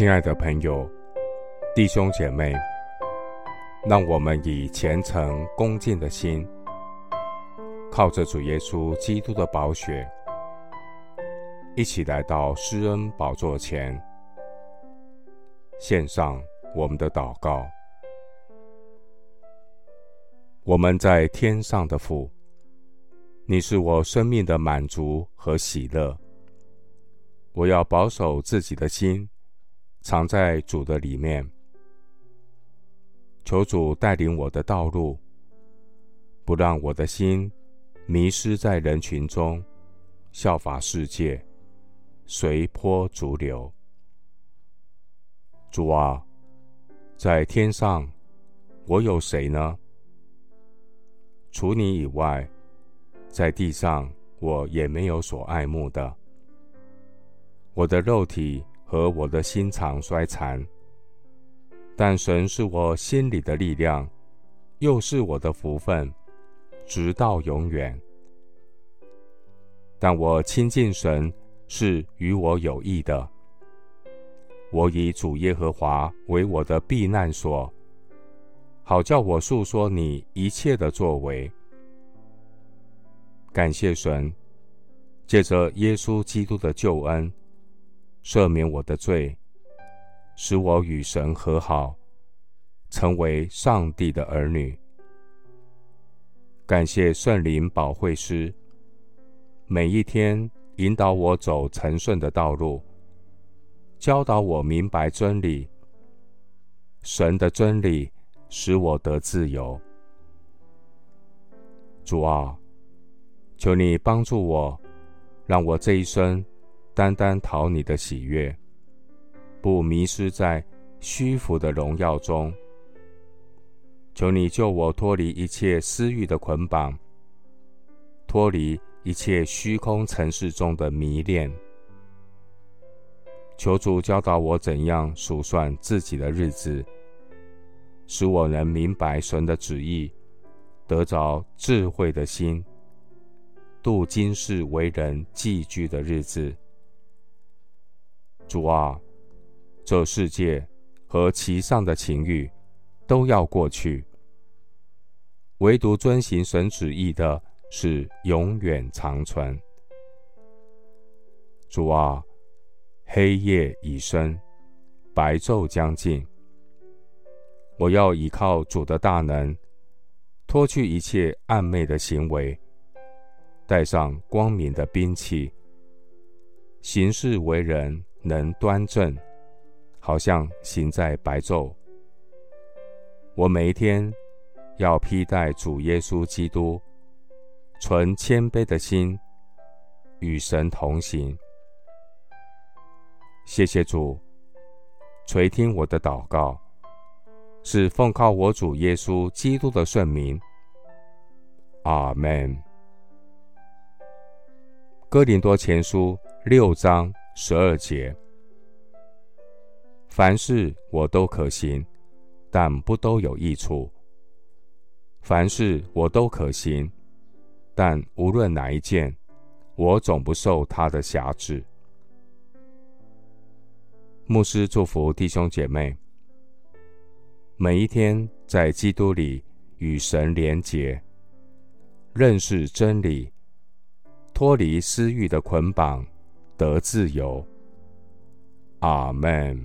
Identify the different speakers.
Speaker 1: 親愛的朋友、弟兄姐妹，讓我們以虔誠恭敬的心，靠着主耶穌基督的寶血，一起來到施恩寶座前，獻上我們的禱告。我們在天上的父，你是我生命的滿足和喜樂，我要保守自己的心。藏在主的裡面，求主帶領我的道路，不讓我的心迷失在人群中，效法世界，隨波逐流。主啊，在天上，我有誰呢？除你以外，在地上，我也沒有所愛慕的。我的肉體。和我的心腸衰殘，但神是我心裡的力量，又是我的福分，直到永遠。但我親近神是與我有益的。我以主耶和華為我的避難所，好叫我述說你一切的作為。感謝神，借着耶穌基督的救恩。赦免我的罪，使我與神和好，成為上帝的兒女。感謝聖靈保惠師，每一天引導我走成聖的道路，教導我明白真理。神的真理使我得自由。主啊，求你幫助我，讓我這一生。單單討你的喜悅，不迷失在虛浮的榮耀中。求你救我脫離一切私欲的捆綁，脫離一切虛空塵世中的迷戀。求主教導我怎樣數算自己的日子，使我能明白神的旨意，得着智慧的心，度今世為人寄居的日子。主啊，這世界和其上的情欲都要過去，唯獨遵行神旨意的是永遠長存。主啊，黑夜已深，白晝將近，我要依靠主的大能，脫去一切暗昧的行為，帶上光明的兵器，行事為人，能端正，好像行在白晝。我每一天要披戴主耶穌基督，存謙卑的心，與神同行。謝謝主，垂聽我的禱告，是奉靠我主耶穌基督的聖名。阿門。哥林多前書六章十二節，凡事我都可行，但不都有益處。凡事我都可行，但無論哪一件，我總不受他的轄制。牧師祝福弟兄姐妹，每一天在基督裡與神連結，認識真理，脫離私欲的捆綁。得自由，阿門。